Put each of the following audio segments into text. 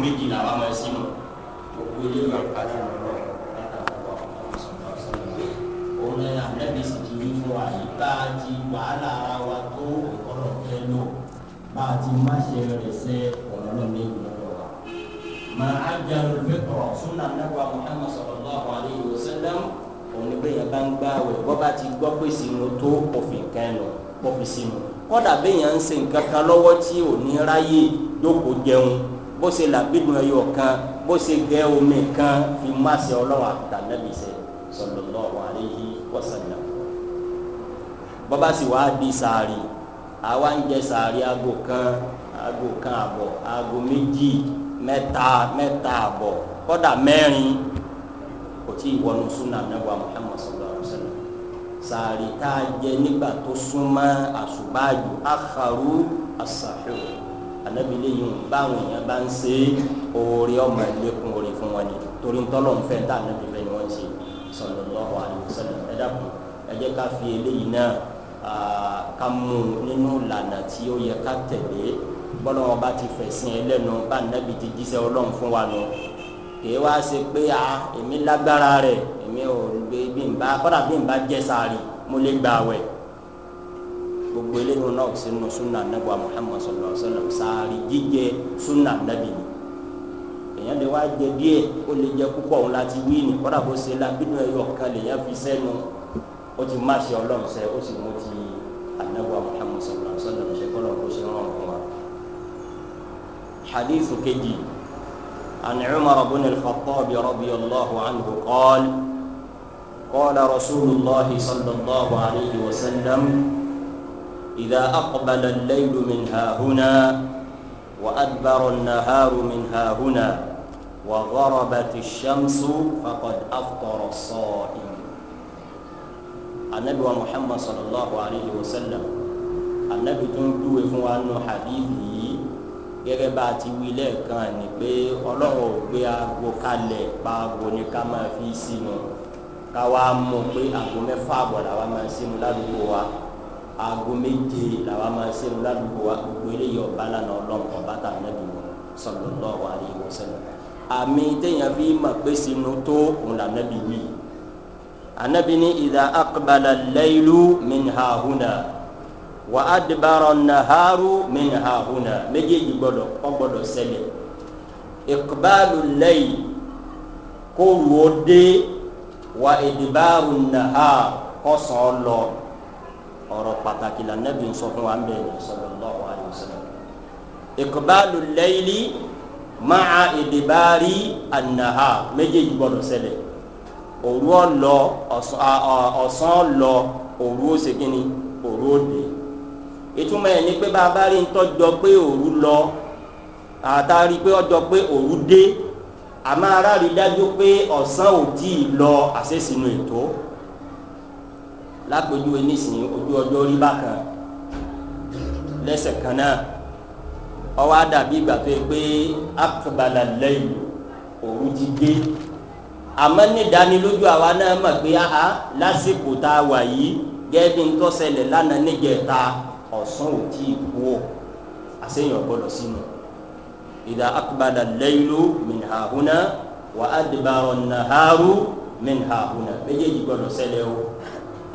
méjì làwọn máa sí mọ gbogbo ilé yẹn parí lọ́wọ́ látàkùn àwọn ọmọ sọ̀rọ̀ sọ̀rọ̀ òun náà àbẹ́bí sì ti ní fún wa yìí bá a ti wàhálà ara wa tó ọ̀rọ̀ kẹ́ lò bá a ti má ṣe rẹ̀ sẹ́ ọ̀rọ̀ náà ní ìlú lọ́wọ́ wa. màá àjàrò fẹ́kọ̀ọ́ súnà nàgbà muhammed sallallahu alayhi wa sallam òun bẹ́ẹ̀ yẹn bá ń gbá wẹ̀ bọ́ ti gbọ́ pé sinu tó òfin kan lọ pọ̀ fi sinu kọ́dà yẹn ń se nǹkan kan tí ò ní ráyè jókòó jẹun bó ṣe làbídùn ẹyọ kan bó ṣe gẹ omi kan fi má ṣe ọlọ́wọ́ àtàlẹ́bí ṣe sallallahu alayhi wa sallam. bọ́bá sì wá di sàárì àwa ń jẹ sàárì aago kan aago kan àbọ̀ aago méjì mẹ́ta mẹ́ta àbọ̀ kọ́dà mẹ́rin kò tí ì wọnú súnà nàbà Muhammad sallallahu alayhi sàárì tá a jẹ nígbà tó súnmọ́ àṣùbáàjù àkàrú àṣàfihàn anabi lẹ́yìn báwọn èèyàn bá ń ṣe oore ọmọ ẹlẹ́kùn oore fún wọn ni torí ntọ́lọ̀ ń fẹ́ tá anabi fẹ́ ni wọ́n ṣe sallallahu alaihi wasallam ẹ dàpọ̀ ẹ jẹ́ ká fi eléyìí náà ká mú nínú ìlànà tí ó yẹ ká tẹ̀lé bọ́lá wọn bá ti fẹ̀sìn ẹlẹ́nu bá anabi ti jíṣẹ́ ọlọ́run fún wa nù kì wá ṣe pé a èmi lágbára rẹ̀ èmi ò gbé bí n bá kọ́dà bí n bá jẹ́ sáré mo lè gbà wẹ̀ gbogbo eléyìí náà sínú sunna anabi muhammad sallallahu alaihi wa sallam sààrì jíjẹ sunna anabi ni èèyàn lè wá jẹ díẹ̀ ó lè jẹ púpọ̀ òun láti wí ni kódà kó ṣe la bínú ẹyọ kan lèèyàn fi sẹ́nu ó ti má ṣe ọlọ́run sẹ́ ó sì mú ti anabi muhammad sallallahu alaihi wa sallam ṣe kọ́lọ́ kó ṣe rán ọ̀hún wa. hadith kejì an umar bin al-khattab radiyallahu anhu qala qala rasulillah sallallahu alaihi wa sallam. إذا أقبل الليل منها هنا، وأدبر النهار منها هنا، وغربت الشمس فقد أفطر الصائم النبي محمد صلى الله عليه وسلم النبي تنجو فوانو حديثي gẹ́gẹ́ bá a ti wí lẹ́ẹ̀kan ni pé ọlọ́run ò gbé aago kalẹ̀ pa aago ni ká máa fi sínú ká wá mọ̀ pé aago mẹ́fà àbọ̀ làwa máa sínú ládùúgbò wa aago méje làwa máa ṣe ń ládùúgbò wa gbogbo eléyìí ọba lánà ọlọ́run ọba tà nẹ́bí wọn sọlọ lọ́wọ́ àríwọ̀ sẹ́lẹ̀ àmì téèyàn fi mọ̀ pé sinú tó òun là nẹ́bí wí anabi ni ìdá akabala lẹ́yìlú minhahuna wa adibara naharu minhahuna méjèèjì gbọdọ̀ kọ́ gbọdọ̀ sẹ́lẹ̀ ìkbalu lẹ́yìn kó wò dé wa ìdìbàrú naharu kọ́sàn-án ọ̀rọ̀ pàtàkì la nẹ́bí ń sọ fún wa ń bẹ̀ ní sallallahu alaihi wasallam. ìkọ̀bálù lẹ́yìlì máa ìdìbárí ànàhà méjèèjì gbọ́dọ̀ sẹlẹ̀ òru ọ̀lọ́ ọ̀sán ọ̀lọ́ òru òsèkínni òru òde ìtumọ̀ ẹ̀ ní pé bàbá rí ntọ́jọ pé òru lọ àtàrí pé ọjọ́ pé òru dé àmọ́ aráàlú dájú pé ọ̀sán ò tí ì lọ àṣẹ sínú ètò lápèjúwe nísìnyí ojú ọjọ́ rí bákan lẹ́sẹ̀ kan náà ọwọ́ á dàbí ìgbà tó yẹ pé akabala lẹ́yìn òru ti dé àmọ́ nídánilójú àwa náà mọ̀ pé aha lásìkò tá a wà yìí gẹ́gẹ́ ń tọ́sẹ̀lẹ̀ lánàá níjẹ̀ta ọ̀sán ò tí ì kú ọ̀ àṣeyàn gbọ́dọ̀ sínú ìdá akabala lẹ́yìn mìnhàhùnà wà á dìbàrọ̀ nàhàrù mìnhàhùnà méjèèjì gbọ́dọ̀ sẹ́lẹ̀ o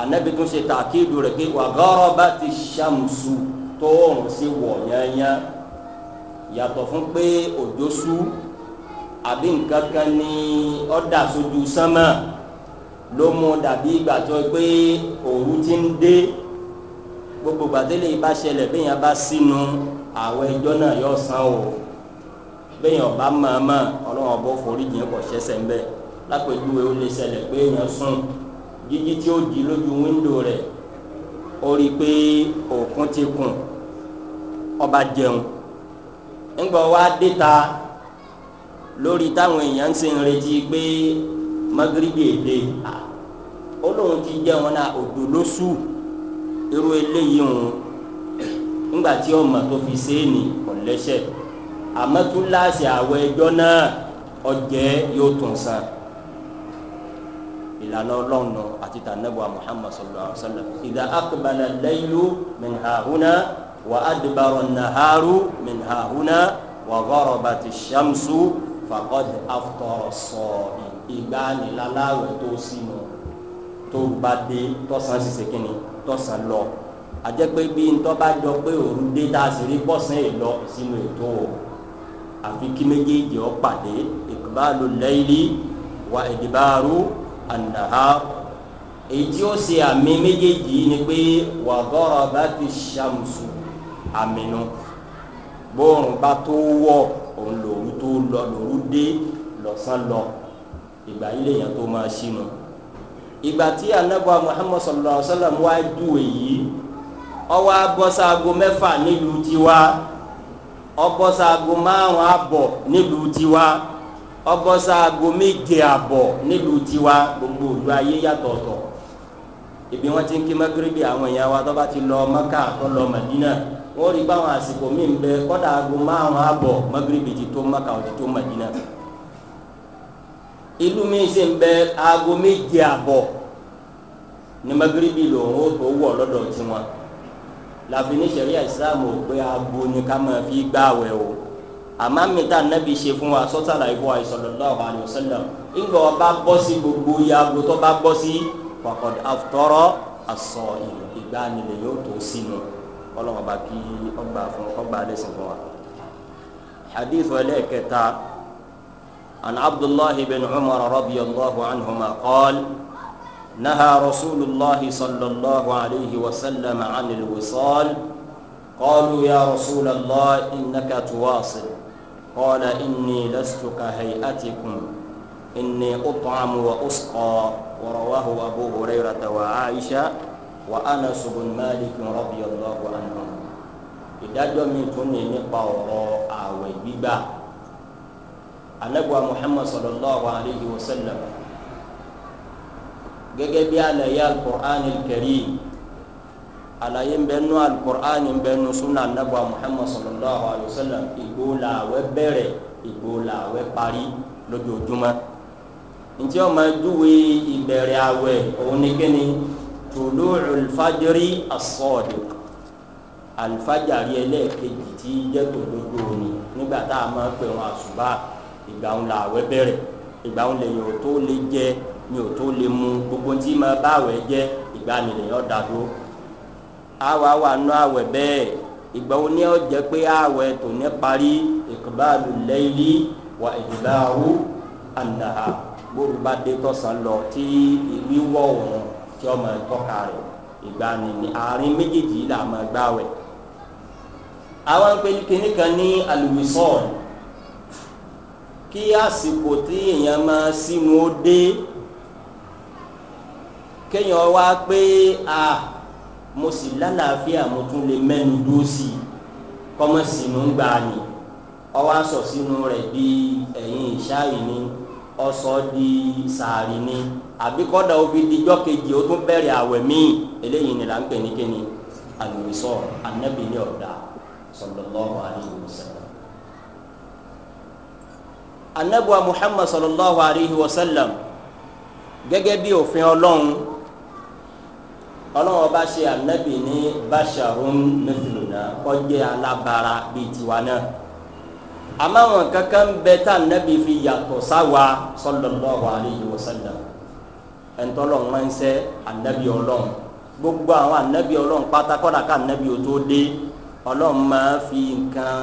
anabi tún ṣe tàkìdù rẹ̀ pé wà gọ́rọ́bà ti ṣàmùsù tó òrùn sí wọ̀ yányá yàtọ̀ fún pé òjò sú àbí nǹkan kan ní ọ̀dà sójú sánmà ló mú dàbí ìgbà tó pé òru ti ń dé gbogbo gbàdélé bá ṣẹlẹ̀ béèyàn bá sínú àwọn ẹjọ́ náà yọ san o béèyàn bá mọ̀ọ́mọ̀ ọlọ́run ọ̀bọ forí jìn kọ̀ ṣẹ́sẹ̀ ń bẹ̀ lápẹ̀júwe ó lè ṣẹlẹ̀ pé èèyàn sùn jíjí tí ó di lójú wíńdò rẹ̀ ó rí i pé òkun ti kùn ọba jẹun ńgbọ́ wá déta lórí táwọn èèyàn ń sìn retí pé magrebi èdè ó lóun ti jẹun náà òdò lóṣù irú eléyìí òun ńgbà tí ọmọ tó fi séènì kò lẹ́sẹ̀ àmọ́ tún láàṣì àwọ̀ ẹjọ́ náà ọjẹ́ yóò tún san ìlànà ọlọ́run àti tànàbùwà muhammad sallallahu alaihi wa sallam ìdá akpala lẹ́yìnlú min hahuna wa adibaro naharu min hahuna wa gọ́rọ̀bàtì sàmsu fàkọ́dì aftọ́rọ̀ sọ ìgbà nílaláwẹ̀ tó sínú tó bá dé tọ́sán ṣiṣẹ́ kínní tọ́sán lọ àjẹpẹ́ bí ntọ́ bá jọ pé òru dé tá a sì rí pọ́sán yìí lọ sínú ètò àfi kí méjèèjì ọ pàdé ìkúbálò lẹ́yìnlí wa ìdìbàrú. an èyí ó àmì méjèèjì ni pé wa gharabati shamsu àmì nu bóòrùn bá tó wọ̀ òun tó lọ lòru dé lọ́sàn lọ ìgbà yìí lèèyàn tó máa ṣìnà ìgbà tí anagba muhammad sallallahu alaihi wa sallam wá ju èyí ọwọ́ abọ́sáago mẹ́fà nílùú tiwa tiwa. ọbọ̀sá aago méje àbọ̀ nílùú tiwa gbogbo òlu ayé yàtọ̀ọ̀tọ̀ ibi wọn ti ń kí mẹgíríbì àwọn èèyàn wa tó bá ti lọ mẹka tó lọ mẹdínà wọn rí báwọn àsìkò míì ń bẹ aago márùn ti tó mẹka ó ti tó ìlú sì ń bẹ aago méje ní lòun ó tó o. àmọ́ mẹ́ta nẹ́bi ṣe fún wa sọ́tàlá ìfọ̀ àìsọ̀lọ́lá ọ̀hún àlùsọ́lá ńgbà wọn bá bọ́ sí gbogbo yaago tó bá bọ́ sí pàkọ́dé àtọ́rọ́ àsọ ìgbà nílẹ̀ yóò tó sínú ọlọ́wọ́n bá kí ọgbà fún ọgbà àdẹ́sìn fún wa. hadith ẹlẹ́kẹta an abdullahi bin umar rabi allahu anhu ma qol naha rasulillahi sallallahu alayhi wa sallam anil wisal qalu ya rasulallah innaka tuwasil قال إني لست كهيئتكم إني أطعم وأسقى ورواه أبو هريرة وعائشة وأنس بن مالك رضي الله عنهم ìdájọ́ mi tún ní nípa ọ̀rọ̀ ààwẹ̀ gbígbà anagba muhammad sallallahu alayhi wa sallam gẹ́gẹ́ bí alẹ́ yá al-Qur'an al-Karim àlàyé ń bẹ nú alukur'an ń bẹ nú sunna anabu muhammad sallallahu alayhi wa sallam ìgbó làwẹ bẹrẹ ìgbó làwẹ parí lójoojúmọ ntí wọn máa júwe ìbẹrẹ àwẹ òun ni kíni tùlù alfajiri asọọdù alfajari ẹlẹẹkejì tí jẹ tòdodo ni nígbà tá a máa pè wọn àṣùbà ìgbà wọn làwẹ bẹrẹ ìgbà wọn lèyìn tó lè jẹ ni tó lè mu gbogbo ntí máa bá àwẹ jẹ ìgbà nìyẹn ọ̀dà àwa wà nù àwẹ̀ bẹ́ẹ̀ ìgbà wo ni ó jẹ́ pé àwẹ̀ tò ní parí ìkọ̀báàlù lẹ́yìnlí wà ìdìbàwù ànàhà gbóòrò bá dé tọ̀sán lọ tí wíwọ̀ òun tí ọmọ ìtọ́ka rẹ̀ ìgbà nìyí àárín méjèèjì là máa gbà wẹ̀ àwọn pẹ̀lú kan ní alùwìsọ̀ọ̀nù kí àsìkò tí èèyàn máa sínú ó dé kéèyàn wá pé a. Ah, mo sì lálàáfíà mo tún lè mẹ́nu dúró sí i kọ́mọ́ sínú ń gbà ní ọwọ́ aṣọ sínú rẹ̀ bí ẹ̀yìn ìṣáàyè ni ọsọ di sàárì ni àbí kọ́dà òbí dijọ́ kejì ó tún bẹ̀rẹ̀ àwẹ̀ míì eléyìí ni là ń pè ní kíni àlùmísọ̀ anábì ní ọ̀dà sọlọ́lọ́hu alayhi wa sallam. muhammad sọlọ́lọ́hu alayhi wa sallam gẹ́gẹ́ bí òfin ọlọ́run ọlọ́wọ́n bá ṣe ànábì ní basharun mẹfìlúnà kọjá alábara bíi tiwa náà àmọ́ àwọn kankan bẹ tá ànábì fi yàtọ̀ sáwa sọlọ́lọ́wọ́ àlejò wọ́sẹ̀lẹ̀ ẹ̀ńtọ́lọ́ wọn ń sẹ́ ànábì ọlọ́run gbogbo àwọn ànábì ọlọ́run pátákọ́dà ká ànábì ò tó dé ọlọ́run máa fi nǹkan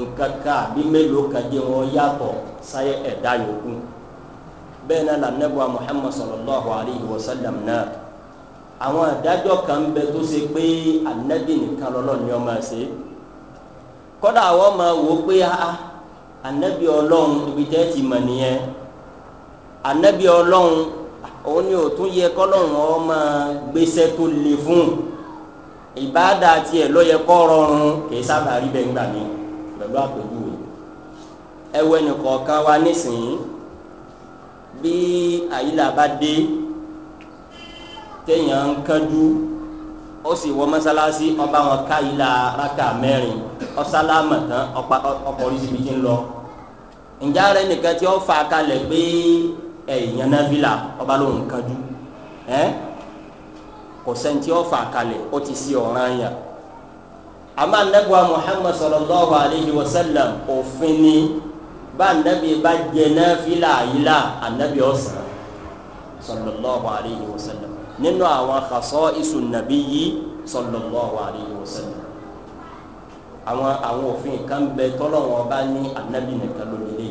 nǹkan kan àbí mélòó kan jẹ́ wọn yàtọ̀ sáyẹ ẹ̀dá yòókù bẹ́ẹ̀ náà làǹnẹ́bùwà muhammad sọlọ́lọ́wọ́ àlejò wọ́sẹ̀lẹ̀ náà àwọn àdájọ́ kan bẹ tó ṣe pé anabi nìkan lọ́lọ́run ni wọ́n máa ṣe kọ́dà àwọn máa wò ó pé anabi ah, ah, ọlọ́run ibi tẹ́ ti mọ̀ nìyẹn anabi ọlọ́run òun ni òtún yẹ kọ́lọ́run ọ máa gbéṣẹ́ tó le fún ìbáàdà tiẹ̀ ló yẹ kọ́ rọrùn kìí sábà rí bẹ́ẹ̀ gbà mí pẹ̀lú àpèjúwe ẹwẹ́ nìkọ̀ọ̀kan wa nísìnyí bí àyílà bá dé téèyàn ń kánjú ó sì wọ mọ́sálásí ọba wọn ká la raka mẹ́rin ọ̀sálámà tán ọkọ̀ oríṣi bíi ti ń lọ. ǹjẹ́ ara ẹnìkan tí ó fa kalẹ̀ pé ẹ̀yàn náà fìlà ọba ló ń kánjú kò sẹ́ni tí ó fa kalẹ̀ ó ti sí ọ̀ràn yàn. àmọ́ anagba muhammad sallallahu alayhi wa sallam òfin ni bá anabi bá jẹ náà fìlà yìí la anabi ọ̀sán sallallahu alayhi wa sallam nínú àwọn khasaisu nabiyyi sallallahu alayhi wa sallam àwọn àwọn òfin kan bẹ tọ́lọ́wọ́n bá ní anabi nìkan lónìí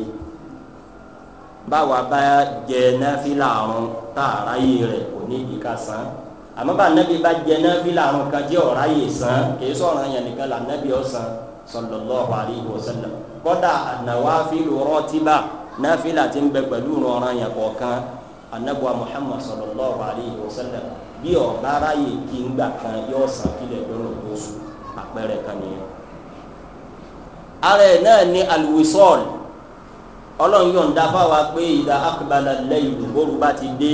báwa bá jẹ náfìlà àrùn tá a ráyè rẹ̀ kò ní ìdí ká san àmọ́ bá anabi bá jẹ náfìlà àrùn kan jẹ́ ọ̀ráyè san kì sọ̀rọ̀ yẹn nìkan là anabi ọ̀ san sallallahu alayhi wa sallam kódà an-nawafilu ratiba náfìlà ti ń bẹ pẹ̀lú ọ̀ràn yẹn kọ̀ọ̀kan anabuwa muhammad sallallahu alayhi wa sallam bí ọba aráyè kí ń gbà kan yóò san kílẹ̀ lọ́nà oṣù àpẹẹrẹ kan nìyẹn. ara ẹ̀ náà ní alwisol ọlọ́run yọ̀ǹda fáwa pé ìdá akbala lẹ́yìn ìgbòru bá ti dé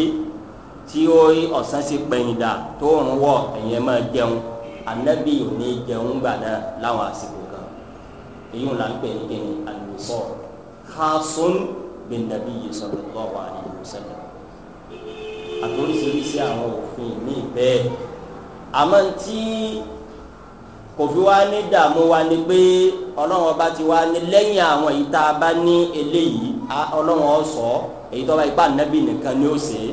tí ó rí ọ̀sán sí pẹ̀yìndà tó ń wọ̀ ẹ̀yẹn máa jẹun anabi ò ní jẹun gbà náà láwọn àsìkò kan èyí ń là ń pè ní kíni alwisol khasun bin nabi sallallahu alayhi wa sallam àtòríṣiríṣi àwọn òfin míì bẹ́ẹ̀ àmọ́ tí kò fi wá ní dààmú wa ni pé ọlọ́run ọba ti wá ní lẹ́yìn àwọn èyí tá a bá ní eléyìí ọlọ́run ọ èyí tó bá ipá nàbì nìkan ni ó ṣe é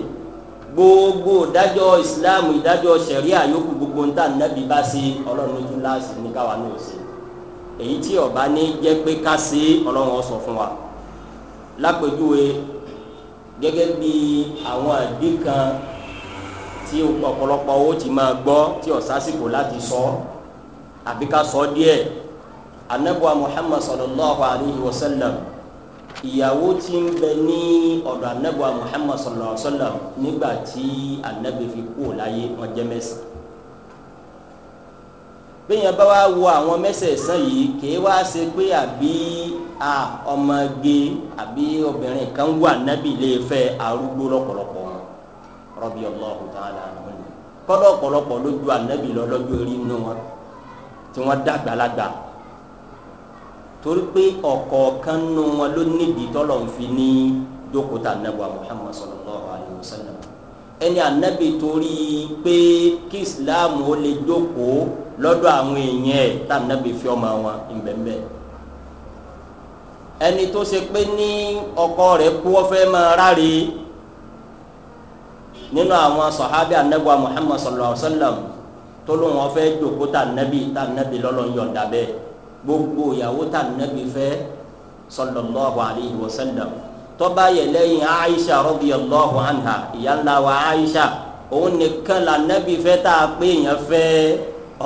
gbogbo ìdájọ́ islam ìdájọ́ sẹ̀ríà yòókù gbogbo níta nàbì bá ṣe ọlọ́run lójú láàṣì ní káwa ní òṣè èyí tí ọba ní jẹ́ pé ká ṣe ọlọ́run ọ fún wa lápèjúwe gẹ́gẹ́ bí àwọn àbí kan tí ọ̀pọ̀lọpọ̀ owó ti máa gbọ́ tí ọ̀sásìkò láti sọ àbí ká sọ díẹ̀ anabuwa muhammad sallallahu alayhi wa sallam ìyàwó ti ń bẹ ní ọ̀dọ̀ anabuwa muhammad sallallahu alayhi wa sallam nígbà tí anabi fi kú láyé wọn jẹ́ mẹ́sàn-án bẹ́yẹn bá wá wo àwọn mẹ́sẹ̀ẹ̀sán yìí kìí wá ṣe pé àbí ọmọge àbí obìnrin kan wà nábì lè fẹ́ arúgbó lọ́pọ̀lọpọ̀ wọn rọ́bì ọlọ́hùn tààlà àmọ́ni kọ́dọ̀ ọ̀pọ̀lọpọ̀ lójú ànábì lọ́lọ́jọ́ orí inú wọn tí wọ́n dàgbàlagbà torí pé ọ̀kọ̀ọ̀kan nù wọn ló nídìí tọ́lọ̀ ń fi ní dókòtà nàbà muhammad sallallahu alayhi wa sallam ẹni ànábì torí pé kí islam ó lè jókòó lọ́dọ̀ àwọn èèyàn ẹ̀ tá ànábì fi ọmọ wọn ìgbẹ́mbẹ́ ẹni tó ṣe pé ní ọkọ rẹ̀ kú ọ máa ráre nínú àwọn sọ̀hábì anábìwá muhammad sallallahu alayhi wa sallam tó lóun ọfẹ́ jókòó tá ànábì tá ànábì lọ́lọ́ yọ̀ǹda bẹ́ẹ̀ gbogbo ìyàwó tá ànábì fẹ́ sallallahu alaihi wa sallam tọ́ba yẹ lẹ́yìn aisha rọ́bì allahu anha ìyá ńlá wa aisha òun nìkan la nẹ́bí fẹ́ tá a pé èèyàn fẹ́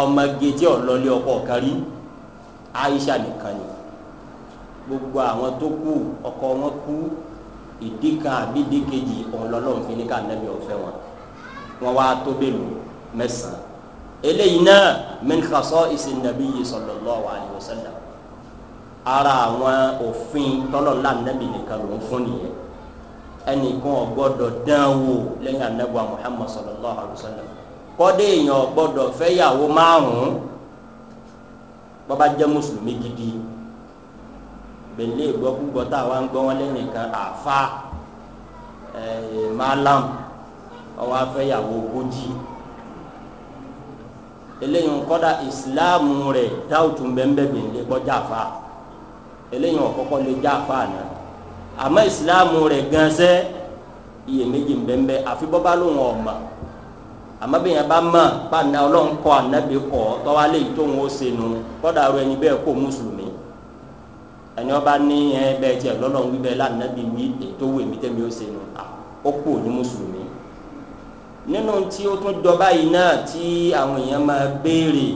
ọmọge tí ọ̀lọ́lé ọkọ kan rí aisha nìkan ni gbogbo àwọn tó kú ọkọ wọn kú ìdí kan àbí ìdí kejì ọlọ́lọ́run fi ní ká nẹ́bí ọ̀fẹ́ wọn wọn wá tó bẹ́ẹ̀ lò mẹ́sàn eléyìí náà min khasa'is an-nabiy sallallahu wa sallam. ara àwọn òfin tọ́lọ̀ lánàbì nìkan ló ń fún nìyẹn ẹnìkan ọgbọ́dọ̀ dán wò lẹ́yìn anábọ̀ sallallahu alayhi wa sallam kọ́dé èèyàn ọgbọ́dọ̀ fẹ́yàwó márùn-ún bọ́bá jẹ́ mùsùlùmí gidi bẹ̀lẹ́ ìgbọ́kúgbọ́ tá a wá ń gbọ́ wọn lẹ́yìn kan àfa eh, malam ọwọ́ afẹ́yàwó ogójì eléyìí kọ́dà ìsìláàmù rẹ̀ dáwùtú bẹ́ẹ̀ bẹ́ẹ̀ kọjá eléyìí wọn kọ́kọ́ lè já apá àná àmọ́ ìsìláàmù rẹ̀ gan sẹ́ iyèméjì ńbẹ́ńbẹ́ àfi bọ́ bá lóun ọ̀mà àmọ́ bí yẹn bá mọ̀ pàǹdà ọlọ́run kọ́ ànábì kọ́ tọ́wá léyìí tóun ó ṣe nu kọ́dà ro ẹni bẹ́ẹ̀ kó mùsùlùmí ẹni wọn bá ní ẹ bẹ́ẹ̀ tiẹ̀ lọ́lọ́run wí bẹ́ẹ̀ lànàbì wí ètò wù èmi tẹ́mi ó ṣe nu ó kú òní mùsùlùmí nínú tí ó tún jọba yìí náà tí àwọn èèyàn máa béèrè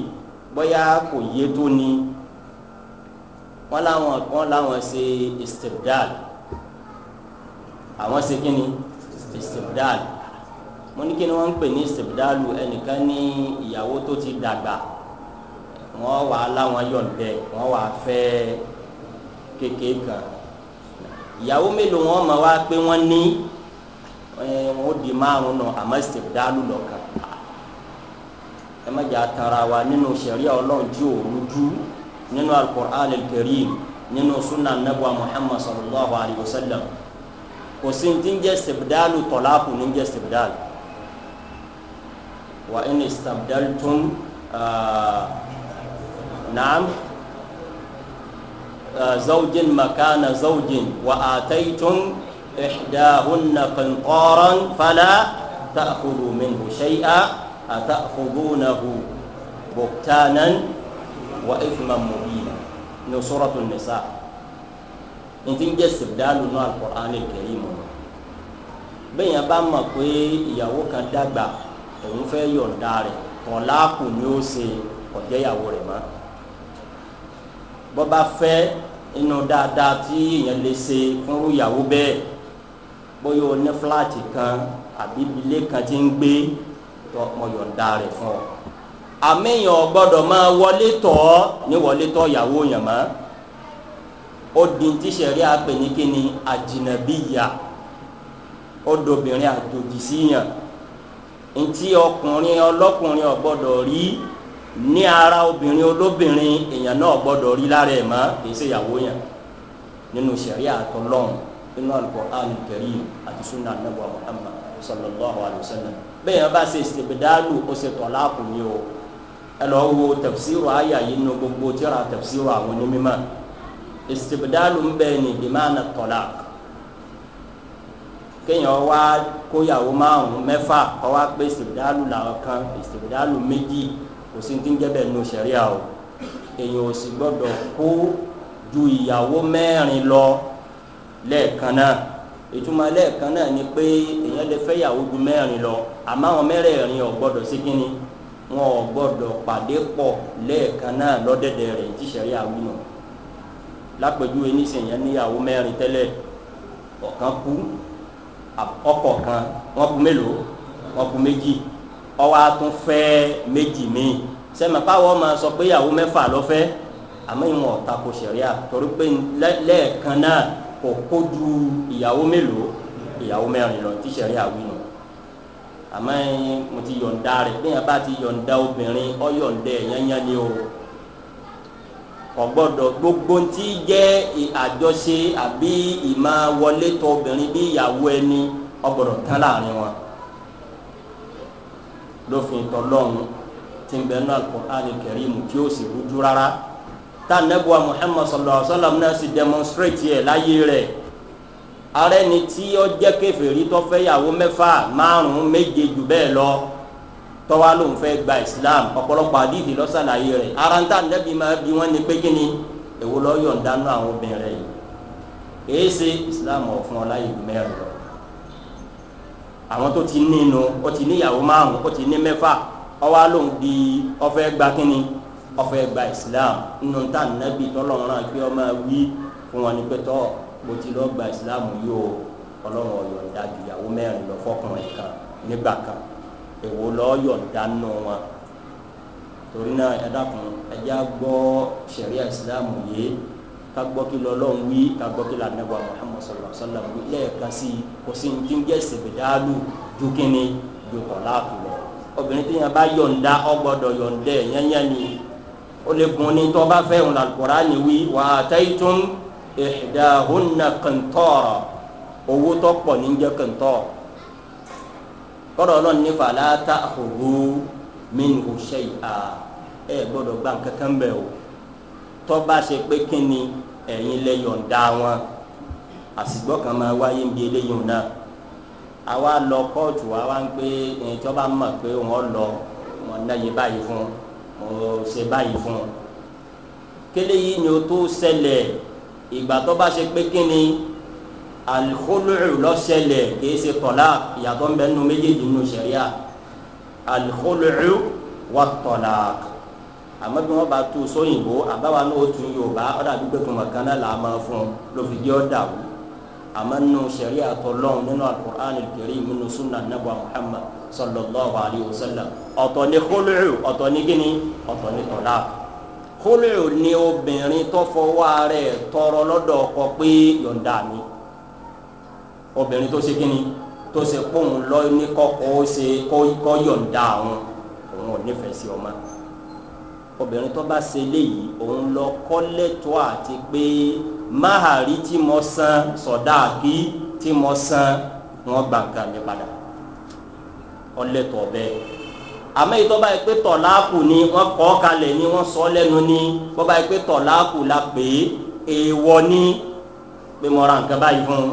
bóyá kò yé tó ni wọn làwọn wọn làwọn ṣe istibdal àwọn ṣe kíni istibdal mo ní kí ni wọ́n ń pè ní istibdalu ẹnìkan ní ìyàwó tó ti dàgbà wọ́n wà láwọn yọ̀ǹdẹ wọ́n wà fẹ́ kékeré ìyàwó mélòó wọn mọ̀ wá pé wọ́n ní wọn ó di márùn nù àmọ́ istibdalu lọ́kàn ẹ má jà tara wa nínú sẹ̀ríà ọlọ́run tí ò rújú ننو القرآن الكريم ننو سنة النبوة محمد صلى الله عليه وسلم وسن تنجا استبدال طلاق ننجي استبدال وإن استبدلتم آه نعم آه زوج مكان زوج وآتيتم إحداهن قنطارا فلا تأخذوا منه شيئا أتأخذونه بهتانا wa ifma mubina ní suratu nisa ntí ń jẹ sibdalu náà al-Qur'an al-Karim mu bẹ́ẹ̀ yẹn bá mọ̀ pé ìyàwó kan dàgbà òun fẹ́ yọ̀ǹda rẹ̀ tọ̀láàkù ni ó ṣe ọ̀jẹ́ ìyàwó rẹ̀ mọ́ bọ́ba fẹ́ inú dáadáa tí èèyàn lè ṣe fúnrú ìyàwó bẹ́ẹ̀ bóyá o fúláàtì kan àbí ilé kan tí ń gbé tọ́ ọmọ yọ̀ǹda fún ọ àmẹ́yàn gbọ́dọ̀ máa wọlé tọ̀ ọ́ ní wọlé tọ̀ ìyàwó yàn mọ́ ó dín tíṣẹ̀rí àpè ní kíni àjìnàbí yà ó dobìnrin àjòjì sí yàn ntí ọkùnrin ọlọ́kùnrin ọ̀gbọ́dọ̀ rí ní ara obìnrin olóbìnrin èèyàn náà gbọ́dọ̀ rí lára ẹ̀ mọ́ kì í ṣe ìyàwó yàn nínú sẹ̀rí àtọ́lọ́hún nínú alukọ̀hán kẹrin àti sunna anabu muhammad sallallahu alayhi wa sallam bẹ́ẹ̀ yẹn bá ṣe ìṣèbẹ̀dálù ó ṣe tọ̀lá kùnú yìí o ẹlọ wo tafsiru aya yìí nù gbogbo tíra tafsiru àwọn onímọ̀ istibdalu ń bẹ ní bimana tọ́lá kéèyàn wá kóyàwó márùn mẹ́fà kọ́ wá pé istibdalu làwọn kan istibdalu méjì kò sí ti ń jẹ́bẹ̀ nù sẹ́ríà o èèyàn ò sì gbọ́dọ̀ kó ju ìyàwó mẹ́rin lọ lẹ́ẹ̀kan náà ìtumọ̀ lẹ́ẹ̀kan náà ni pé èèyàn lè fẹ́ yàwó ju mẹ́rin lọ àmọ́ àwọn mẹ́rẹ̀ẹ̀rin ò gbọ́dọ̀ sí kínni wọn ò gbọdọ̀ pàdé pọ̀ lẹ́ẹ̀kan náà lọ́dẹ̀dẹ̀ rẹ̀ tí sẹ̀rí àwọn nù lápẹ̀jú eníṣẹ̀yẹ níyàwó mẹ́rin tẹ́lẹ̀ ọ̀kan kú ọkọ̀ kan wọ́n kú mélòó wọ́n kú méjì ọwọ́ atún fẹ́ méjì míì sẹ́mi fáwọn máa sọ pé ìyàwó mẹ́fà lọ́fẹ́ àmọ́ ìwọ̀n ọ̀ta kò sẹ̀rí à torí pé lẹ́ẹ̀kan náà kò kó ju ìyàwó mélòó ìyàwó mẹ́rin lọ tí sẹ̀rí àwọn nù àmọ́ mo ti yọ̀ǹda rẹ̀ bí yẹn bá ti yọ̀ǹda obìnrin ọ yọ̀ǹda ẹ̀ ni o kò gbọ́dọ̀ gbogbo ti jẹ́ àjọṣe àbí ìmọ̀ wọlé tọ obìnrin bí ìyàwó ẹni ọ gbọ́dọ̀ tán láàrin wọn lófin tọlọ́run tí ń bẹ nínú Al-Qur'ani Kerimu tí ó sì rújú rárá tá a nẹ́bùa Muhammad sallallahu alaihi wasallam náà sì demonstrate yẹ láyé rẹ̀ ara ẹni tí ó jẹ́ kèfèrí tó fẹ́ yàwó mẹ́fà márùn méje jù bẹ́ẹ̀ lọ tọ́wá ló ń fẹ́ gba islam ọ̀pọ̀lọpọ̀ àdìdì lọ́sàlàyé rẹ̀ ara ń tà nẹ́bí máa bí wọ́n ní pé kí ni èwo lọ́ yọ̀ǹda nú àwọn obìnrin yìí èyí ṣe islam ọ̀fun ọ̀la ìlú mẹ́rin lọ àwọn tó ti ní inú ó ti níyàwó márùn ó ti ní mẹ́fà ọwá ló ń di ọfẹ́ gba kínní ọfẹ́ gba islam nínú tá nẹ́bí tọ́lọ́run náà pé ọmọ wí fún wọn ní pẹ́tọ́ọ̀ mo ti lọ gba ìsìláàmù yìí o ọlọ́run ọ̀yọ̀ǹda ju ìyàwó mẹ́rin lọ fọkùnrin kan nígbà kan èwo lọ yọ̀ǹda nù wọn torí náà ẹ dákun ẹjá gbọ́ sẹ̀ríà ìsìláàmù yìí ká gbọ́ kí lọ́lọ́run wí ká gbọ́ kí lànàbà muhammed sallallahu alayhi wa sallam wí lẹ́ẹ̀kan sí i kò sí ní jíjẹ́ sèbèdáàlù ju kíni ju kọ̀lá àkùlọ̀ obìnrin tí yẹn bá yọ̀ǹda ọgbọ́dọ̀ yọ̀ǹda ẹ̀ ni ó lè gun ní tọ́ bá fẹ́ òun ni wí wàá tẹ́ ìtún ihdahunna qintara owó tó pọ̀ ní jẹ́ qintara kọ́dọ̀ náà ní fala ta'khudhu minhu shay'a ẹ gbọ́dọ̀ gba nǹkan kan bẹ̀ o tó bá ṣe pé kí ni ẹ̀yin lè yọ̀ǹda wọn àsìgbọ́ kan máa wáyé ń bi eléyìí náà àwa lọ kóòtù wa wá ń pé ẹni tó bá mọ̀ pé wọ́n lọ mọ̀ náyé báyìí fún mo ṣe báyìí fún kéléyìí ni o tó ṣẹlẹ̀ ìgbà tó bá ṣe pé kí ni alikoloru lọ́sẹ̀lẹ̀ kìí ṣe tọ́lá ìyàtọ̀ ń bẹ nínú méjèèjì nínú sẹ̀ríà alikoloru wà tọ́lá àmọ́ bí wọ́n bá tu sóyìnbó àbáwa náà ó tu yorùbá ọ̀dà gbígbé kùmọ̀ kan náà là á máa fún un ló fi jẹ́ ọ̀dà wò àmọ́ nínú sẹ̀ríà tọ́lọ́hún nínú alukur'an kẹrin nínú sunna nabu muhammad sallallahu alayhi wa sallam ọ̀tọ̀ ni koloru ọ̀tọ̀ ni gíní ọ̀tọ̀ ni tọ́lá kólé ò ní obìnrin tó fọwọ́ rẹ̀ tọrọ lọ́dọ̀ ọkọ pé yọ̀ǹda mi obìnrin tó ṣe kí ni tó ṣe pòun lọ ní kọ́kọ́ ó ṣe kọ́ yọ̀ǹda òun òun ò nífẹ̀ẹ́ sí ọmọ obìnrin tó bá ṣe léyìí òun lọ kọ́ lẹ́tọ́ àti pé máhàrí tí mo san sọ̀dáàkì tí mo san wọ́n gbàǹkà mi padà ọlẹ́tọ̀ bẹ́ẹ̀ àmọ́ èyí tó bá yẹ pé tọ̀láàkù ni wọ́n kọ́ kalẹ̀ ni wọ́n sọ lẹ́nu ni bó bá yẹ pé tọ̀láàkù la pè é èèwọ̀ ni pé mo ra nǹkan báyìí fún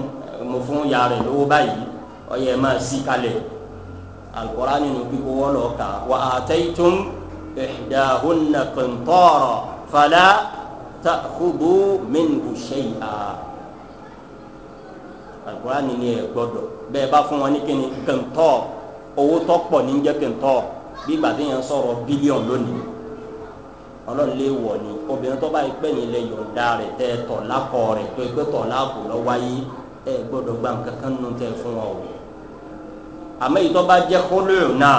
mo fún ya rẹ̀ lówó báyìí ọyẹ máa sí kalẹ̀ alukora nínú kíkó wọ́lọ̀ ká wà á tẹ́tún ihdahunna qintara fala ta'khudhu minhu shay'a alukora nínú ẹ̀ gbọ́dọ̀ bẹ́ẹ̀ bá fún wọn ní kíni qintara owó tó pọ̀ ní jẹ́ bí gbàdé yẹn sọ̀rọ̀ bílíọ̀n lónìí ọlọ́run lè wọ̀ ni obìnrin tó bá yẹ pé yín lè yọ̀ǹda rẹ̀ tẹ́ tọ̀ lákọ̀ rẹ̀ tó yẹ pé tọ̀ láàbò lọ wáyé ẹ gbọ́dọ̀ gba nǹkan kan nínú tẹ́ fún wọn o àmọ́ èyí tó bá jẹ́ kólóòrò náà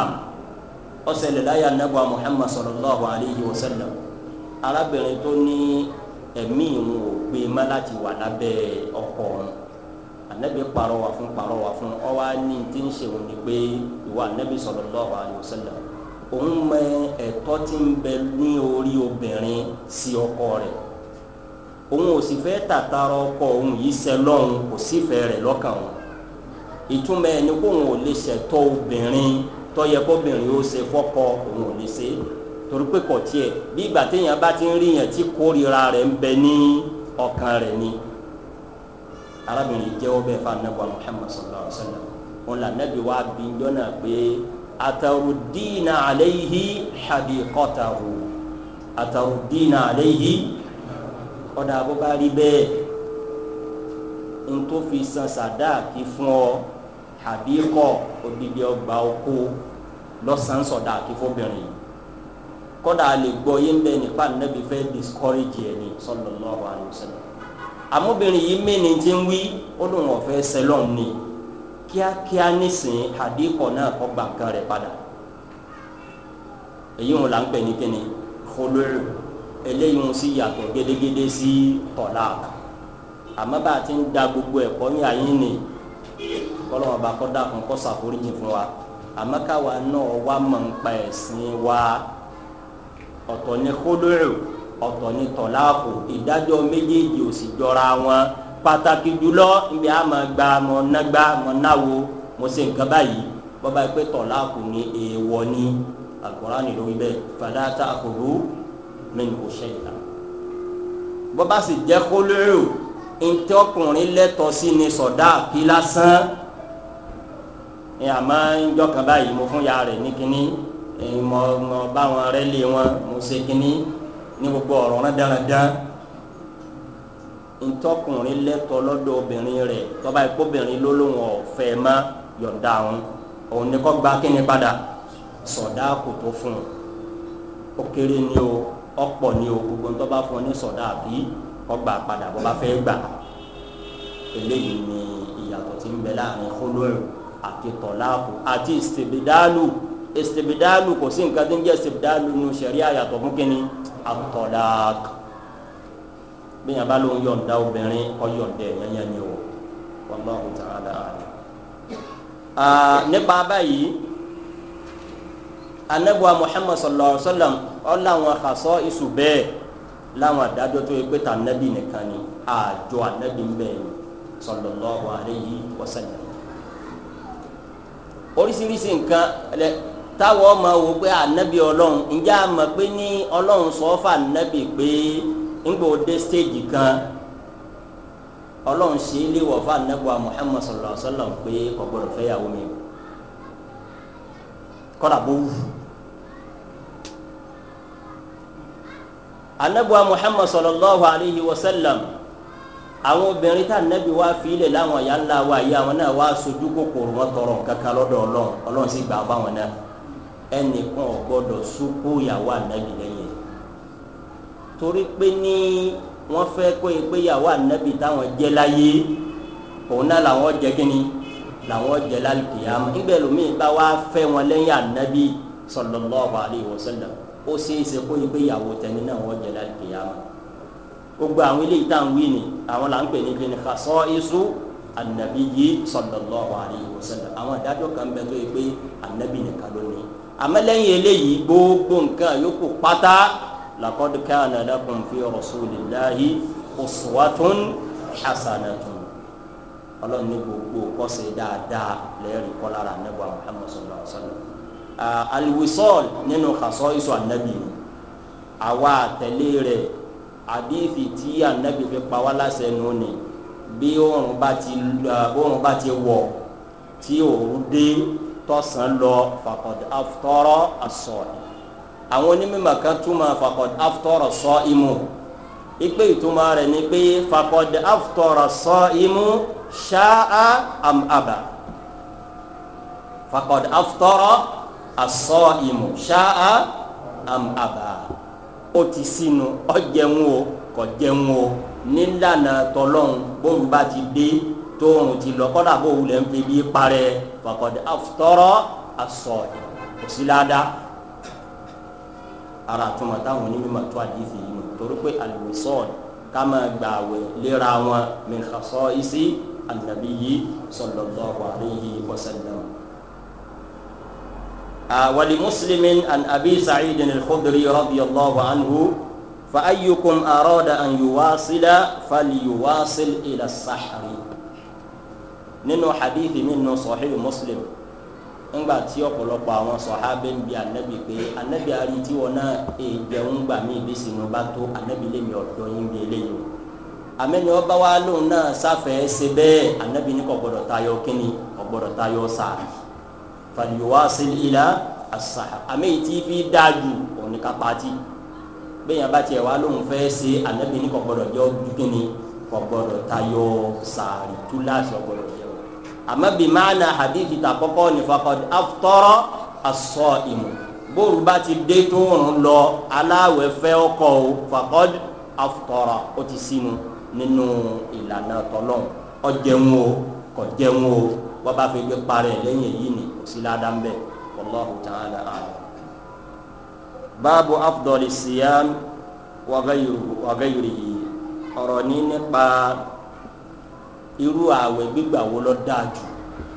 ọ̀sẹ̀lẹ̀ láyà nàbọ̀ muhammad sallallahu alayhi wa sallam arábìnrin tó ní ẹ̀mí ìrùn ò gbé má láti wà lábẹ́ ọkọ ọ̀run ànábì pàrọwà fún pàrọwà fún ọwọ́ á ní ti ìwà nẹ́bí sallallahu alaihi wasallam òun mọ ẹ̀tọ́ tí ń bẹ ní orí obìnrin sí ọkọ rẹ̀ òun ò sì fẹ́ tàtàrà ọkọ òun yìí ṣẹ lọ́hùn kò sífẹ̀ẹ́ rẹ̀ lọ́kàn òun ìtumọ̀ ẹni kó òun ò lè ṣẹ̀tọ́ obìnrin tó yẹ kóbìnrin ó ṣe fọ́kọ òun ò lè ṣe torí pé kò tiẹ̀ bí ìgbà téèyàn bá ti ń rí yẹn tí kórìíra rẹ̀ ń bẹ ní ọkàn rẹ̀ ni arábìnrin jẹ́wọ́ bẹ́ẹ̀ fún anábọ̀ Muhammad sallallahu alaihi wa sallam ọ̀là nẹ́bí wa bí jọ́nà pé àtàrùdínà àléhì hadiqatahu àtàrùdínà àléhì ọ̀dà àbúbá rí bẹ́ẹ̀ ntó fi san sàdáàkì fún ọ hadiqọ odidi ọgbà oko lọ́sàn-án sọ̀dáàkì fóbìnrin kọ́dà lè gbọ́ yé ń nípa fẹ́ discourage ẹ̀ ní àmúbìnrin yìí ni ń wí ó lóun ọ̀fẹ́ ni. kíákíá nísìnyí àdékọ̀ náà kọ́ gbà nǹkan rẹ̀ padà èyí wọn là ń pè ní kíni kólórì eléyìí wọn sì yàtọ̀ gédégédé sí tọ̀lá àmọ́ bá a ti ń da gbogbo ẹ̀kọ́ ní ayé ni kọ́lọ́wọ́n bá kọ́ dàkún kọ́ sàforíjì fún wa àmọ́ káwa náà wá mọ̀ ń pa ẹ̀sìn wa ọ̀tọ̀ ní kólórì ọ̀tọ̀ ní tọ̀láàfù ìdájọ́ méjèèjì ò sì jọra wọn pàtàkì jùlọ ibi a máa gba mọ̀ nágbà mọ̀ náwo mo ṣe nǹkan báyìí bọ́ba pé tọ̀lá kò ní èèwọ̀ ní Al-Qur'ani ló wí bẹ́ẹ̀ fala ta'khudhu minhu shay'a bọ́ba sì jẹ́ kólérò ntẹ́ ọkùnrin lẹ́tọ̀ọ́ sí ni sọ̀dá àbí lásán ní àmọ́ njọ́ kan báyìí mo fún ya rẹ̀ ní kínní mo bá wọn rẹ́ lé wọn mo ṣe kínní ní gbogbo ọ̀rọ̀ rán dáradára ntọkùnrin lẹ́tọ̀ọ́ lọ́dọ̀ obìnrin rẹ̀ tọ́ba yìí kóbìnrin ló lóun ọ̀fẹ́ má yọ̀ǹda òun òun ni kọ́ gba kíni padà sọ̀dá kò tó fún un ó kéré ni o ọ̀pọ̀ ni o gbogbo ntọ́ba fún un ní sọ̀dá àbí ọgbà padà bọ́ba fẹ́ gbà eléyìí ni ìyàtọ̀ ti ń bẹ láàrin kólóòrù àti tọ̀láàkù àti ìsèbìdálù ìsèbìdálù kò sí nǹkan tó ń jẹ́ ìsèbìdálù nu sẹ̀ríà yàtọ̀ fún kíni àtọ̀láàkù bẹ́ẹ̀ yẹn bá ló ń yọ̀ǹda obìnrin kọ́ yọ̀ǹda ẹ̀yẹ́ yẹn ni o wallahu ta'ala a'lam. nípa báyìí anabuwa muhammad sallallahu alaihi wa sallam ọ̀làwọn àkàsọ́ ìṣù bẹ́ẹ̀ láwọn àdájọ́ tó yẹ pé tà nẹ́bì nìkan ni àjọ ànẹ́bì ń bẹ̀ yìí sallallahu alaihi wa sallam. oríṣiríṣi nǹkan táwọn ọmọ wò pé ànẹ́bì ọlọ́run ǹjẹ́ àmọ̀ pé ní ọlọ́run sọ fún ànẹ́bì pé ńgbò dé stéèjì kan ọlọ́run ṣe é léwọ̀ fún anabuwa muhammad sallallahu alaihi wa sallam pé kò gbọdọ̀ fẹ́ yàwó mi kọ́dà bó wù. anabuwa muhammad sallallahu alaihi wa sallam àwọn obìnrin tá anabi wá fi ilẹ̀ láwọn ìyá ńlá wa yìí àwọn náà wá sojú kòkòrò wọn tọrọ kankan lọ́dọ̀ ọlọ́run ọlọ́run sì gbà ọ́ báwọn náà ẹnìkan ò gbọdọ̀ sókó ìyàwó anabi lẹ́yìn torí pé ní wọ́n fẹ́ kó ìgbéyàwó ànábì táwọn jẹ́ láyé òun náà làwọn jẹ́ kínní làwọn jẹ́ lálùkìyàmù níbẹ̀ lómi bá wá fẹ́ wọn lẹ́yìn ànábì sallallahu alayhi wa sallam ó ṣeéṣe kó ìgbéyàwó tẹni náà wọ́n jẹ́ lálùkìyàmù gbogbo àwọn ilé ìtàn wí ni àwọn là ń pè ní kí ni khasaisu ànábì yìí sallallahu alayhi wa sallam àwọn ìdájọ́ kan bẹ tó yẹ pé ànábì nìkan ló ní àmọ́ lẹ́yìn eléyìí gbogbo nǹkan yòókù pátá laqad kana lakum fi rasulillahi uswatun hasanatun ọlọ́run ní gbogbo kọ́sẹ̀ dáadáa lẹ́yìn kọ́ lára anabi muhammad sallallahu alaihi wa sallam alwisol nínú khasaisu anabi àwa àtẹ̀lé rẹ̀ àdéhìí tí anabi fi pa wá láṣẹ nù ni bí oòrùn bá ti oòrùn bá ti wọ̀ tí oòrùn dé tọ̀sán lọ faqad aftara as-sa'im àwọn onímọ̀ kan túmọ̀ fakọ̀d aftọ́rọ̀ sọ imú ipe ìtumọ̀ rẹ̀ ni pé fakọ̀d aftọ́rọ̀ sọ imú ṣáá am aba fakọ̀d aftọ́rọ̀ asọ imú ṣáá am aba ó ti sínú ọ̀jẹ̀wò kọ̀jẹ̀wò nílànà tọlọ́n bóun bá ti dé tóun ti lọ kọ́dà bóun lẹ́ ń fi bí parẹ́ fakọ̀d aftọ́rọ̀ asọ imú kò sí ládàá ara àtúmọ̀ táwọn onímọ̀ tó àdìsí yìí torí pé àlùsọ̀ọ̀lù ká máa gbà àwẹ̀ léra wọn min khasaisi an-nabiyyi sallallahu alayhi wa sallam. ولمسلم عن أبي سعيد الخدري رضي الله عنه فأيكم أراد أن يواصل فليواصل إلى السحر ننو حديث منه صحيح مسلم ńgbà tí ọ̀pọ̀lọpọ̀ àwọn sọ̀hábẹ́ ń bi anabi pé anabi ari tí wọn náà èèjẹ ń gbà mí ibi sìn wọn anabi lè mi ọ̀dọ́ yín bí eléyìí o àmẹ́ni ọba wa lóun náà sáfẹ̀ẹ́ ṣe bẹ́ẹ̀ anabi ní kò gbọdọ̀ tayọ kínní kò gbọdọ̀ tayọ sáà fàdíwá sílẹ̀ ilá àṣà àmì tí fi dáa ju òun ní ká pati bẹ́ẹ̀yàn bá tiẹ̀ wá lóun fẹ́ ṣe anabi ní kò gbọdọ̀ jọ dúkìnní kò gbọdọ̀ tayọ sáà rí túláṣì àmọ́ bí maana hadithi ta kọ́kọ́ ní fakọ́d aftara as-saimu bóòrù bá ti dé tó ń lọ aláwẹ̀ fẹ́ ọkọ̀ o fakọ́d aftara ó ti sínú nínú ìlànà tọ́lọ́ ó jẹun o kò o wọ́n bá fi gbé parẹ́ lẹ́yìn èyí ni kò sí ládàá ń bẹ̀ wallahu ta'ala a'lam. báàbù afdali siyam wa ghayrihi ọ̀rọ̀ ní nípa. irú ààwẹ̀ gbígbà wo lọ dáa jù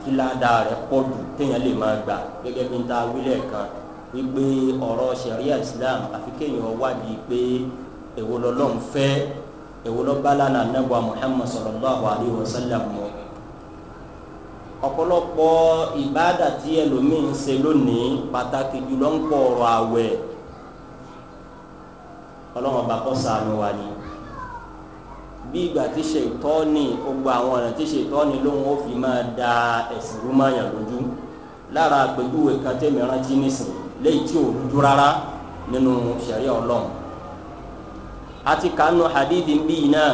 kí ládàá rẹ pọ̀ jù téèyàn lè máa gbà gẹ́gẹ́ bí n ta wílẹ̀ kan ọ̀rọ̀ sẹ̀ríà islam àfi kéèyàn wádìí pé èwo lọ́lọ́run fẹ́ èwo lọ́ bá lánàá nàbọ̀ sallallahu alayhi wa sallam mọ́ ọ̀pọ̀lọpọ̀ ìbáàdà tí ẹlòmíín ṣe lónìí pàtàkì jùlọ ń pọ̀ ọ̀rọ̀ àwẹ̀ ọlọ́run ọba kọ́ sànù wa ni. bí ìgbà tí ṣètọ́ni gbogbo àwọn ọ̀nà tí ṣètọ́ni lóhun ó fi máa da ẹ̀sìn rúmọ̀yàn lójú lára àpèjúwe kan tẹ́mi rántí nísìnyí léyìí tí ò rújú rárá nínú sẹ̀rí ọlọ́run àti kanu hadithi ń bí yìí náà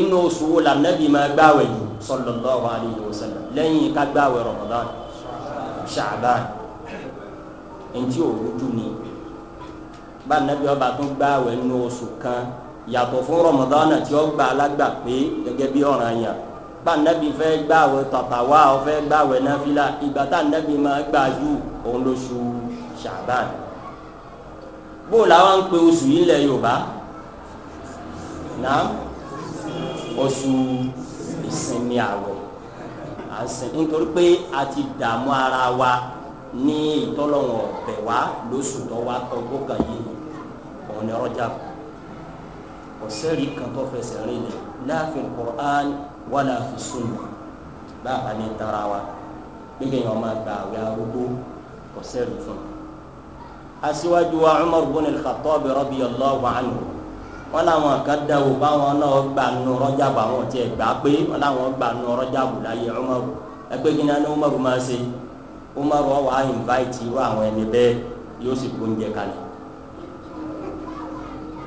inú oṣù wo la nẹ́bí máa gbàwẹ̀ yìí sallallahu alayhi wa sallam lẹ́yìn ká gbàwẹ̀ ramadan ṣaaban ẹ̀ńtí ò rújú ni bá nẹ́bí ọba tún gbàwẹ̀ nínú oṣù kan yàtọ̀ fún rọmọdánà tí ó gba alágbà pé gẹ́gẹ́ bí ọ̀ràn yàn bá nẹ́bí fẹ́ gbàwé tàtàwá ọ fẹ́ gbàwé náfìlà ìgbà tá nẹ́bí máa gbà yú òun lóṣù ṣàbàn bó làwọn ń pe oṣù yìí lẹ yorùbá náà oṣù ìsinmi àwẹ̀ nítorí pé a ti dààmú ara wa ní ìtọ́lọ́wọ̀n ọ̀bẹ̀ wa lóṣù tó wá tọ́gbó kan yìí òun ọjà kù ọ̀sẹ́rì kan tó fẹsẹ̀ rinlẹ̀ láàfin Qur'an wàlà fi sunnah báà ní tara wa gbígbé yẹn ọmọ àgbà àwẹ̀ arúgbó ọ̀sẹ́rì fún un. aṣíwájú wa Umar bin al-Khattab radiyallahu anhu wọn làwọn kan dáwọ báwọn náà gbà nù Rajab àwọn tiẹ̀ gbà pé wọn làwọn gbà nù Rajab láyé Umar ẹgbẹ́ gíga ní Umar máa ṣe Umar wà á invite irú àwọn ẹni bẹ́ẹ̀ yóò sì kó oúnjẹ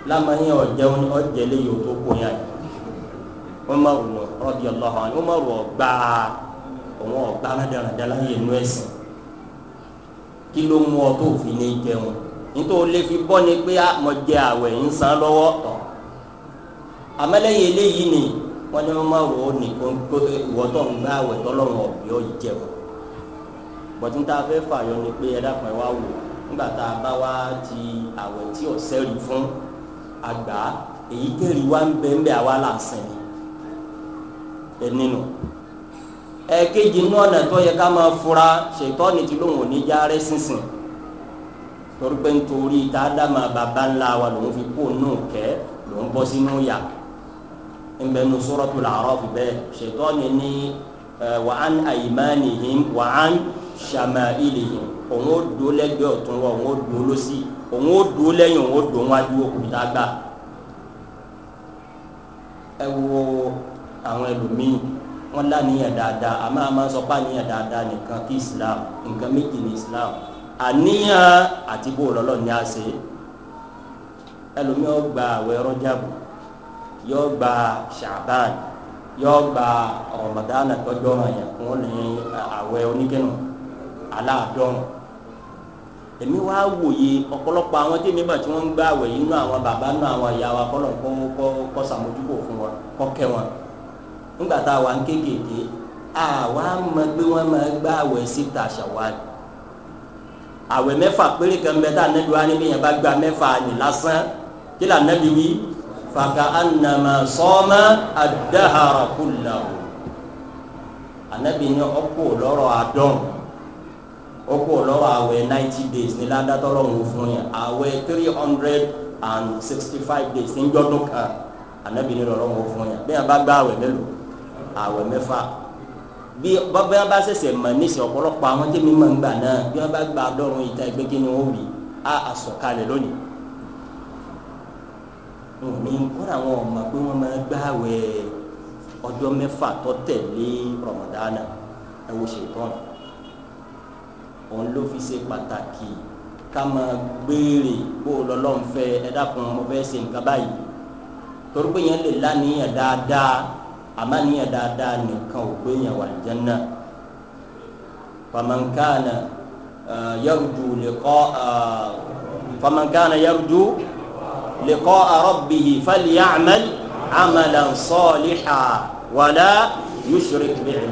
lamani ọjẹun ọjẹlẹ yóò tó kó yàn umaru nù rọbi allah ọhún umaru ọgbà òun ọgbà nàdàràdà láyé nù ẹsìn kí ló mú ọ tó fi ní jẹun nítorí lè fi bọ́ ni pé ah, mo jẹ àwẹ̀ ń san lọ́wọ́ tọ̀ amẹ́lẹ́yìn eléyìí ni wọ́n ní umaru ó ní kó ìwọ́tọ̀ ń gbà àwẹ̀ tọ́lọ́run ọ̀bí ọ̀ jẹun bọ̀tí tá a fẹ́ fààyọ ni pé ẹ dákun ẹ wò nígbà tá a bá wá ti àwẹ̀ tí ọ̀sẹ́ fún àgbà èyí tẹ̀rí wá ń bẹ ń bẹ àwa là ń sìn ẹ nínú. ẹ̀ẹ́kejì inú ọ̀nà tó yẹ ká máa fura ṣètọ́ ni ti lóun ò ní já rẹ́ sísìn torí pé nítorí tá máa bàbá ńlá wa lòun fi kó nù kẹ́ lòun bọ́ sínú yà ń bẹ nu Suratul A'raf bẹ́ẹ̀ ṣètọ́ ni ní wa'an aymanihim wa'an shamailihim òun ó do lẹ́gbẹ̀ẹ́ ọ̀tún wa òun ó do lọ́sí òun ó do lẹ́yìn òun ó do wájú òkúta gbà ẹ wo àwọn ẹlòmíì wọn láníyàn dáadáa àmọ́ a máa ń dáadáa nìkan kí islam nǹkan méjì ní islam àníyàn àti bó lọ́lọ́ ní àṣẹ ẹlòmíì ó gba àwẹ̀ rọ́jàbù yóò gba ṣàbán yóò gba ọ̀rọ̀mọ̀dánà tọ́jú ọ̀ràn yẹn fún ní àwẹ̀ oníkẹ́nu aláàdọ́rùn èmi wá wòye ọ̀pọ̀lọpọ̀ àwọn tí nígbà tí wọ́n ń gbá àwẹ̀ yìí nú àwọn bàbá nú àwọn ìyá wa kọ́ lọ́n kọ́ kọ́ sàmójúkò fún wọn kọ́ kẹ́ wọn nígbà tá a wà ń kéékèèké àwa mọ pé wọ́n máa gbá àwẹ̀ síta ṣàwárí àwẹ̀ mẹ́fà péré kan bẹ tá anabi wa ni bí yẹn bá gba mẹ́fà ni lásán kí là anabi wí fàkà ànàmà sọ́ọ́mà àdáhàrà kùlà anabi ni ọkọ̀ ó ụlọ lọ́wọ́ àwẹ̀ ninety days ní ládàtọ́ lọ́hùn fún yẹn àwẹ̀ three days ní jọ́dún kan ànábì ní lọ́hùn fún yẹn bí wọ́n bá gbá àwẹ̀ mélòó àwẹ̀ mẹ́fà bí wọ́n bá ṣẹ̀ṣẹ̀ mọ̀ níṣẹ́ ọ̀pọ̀lọpọ̀ àwọn tẹ́mi mọ̀ ń gbà náà bí wọ́n bá gba ìta ẹgbẹ́ kí ni wọ́n wì á àsọ̀kalẹ̀ lónìí wọn ò òun ló fi ṣe pàtàkì ká máa gbére bó lọ́lọ́run fẹ́ ẹ dákun mo fẹ́ ṣe nǹkan báyìí torí pé yẹn lè láníyàn dáadáa àmọ́ níyàn dáadáa nìkan ò gbé yẹn wà Janna famankana yarju liqa famankana yarju liqa rabbih falya'mal amalan salihan wala yushrik bi'ibadati.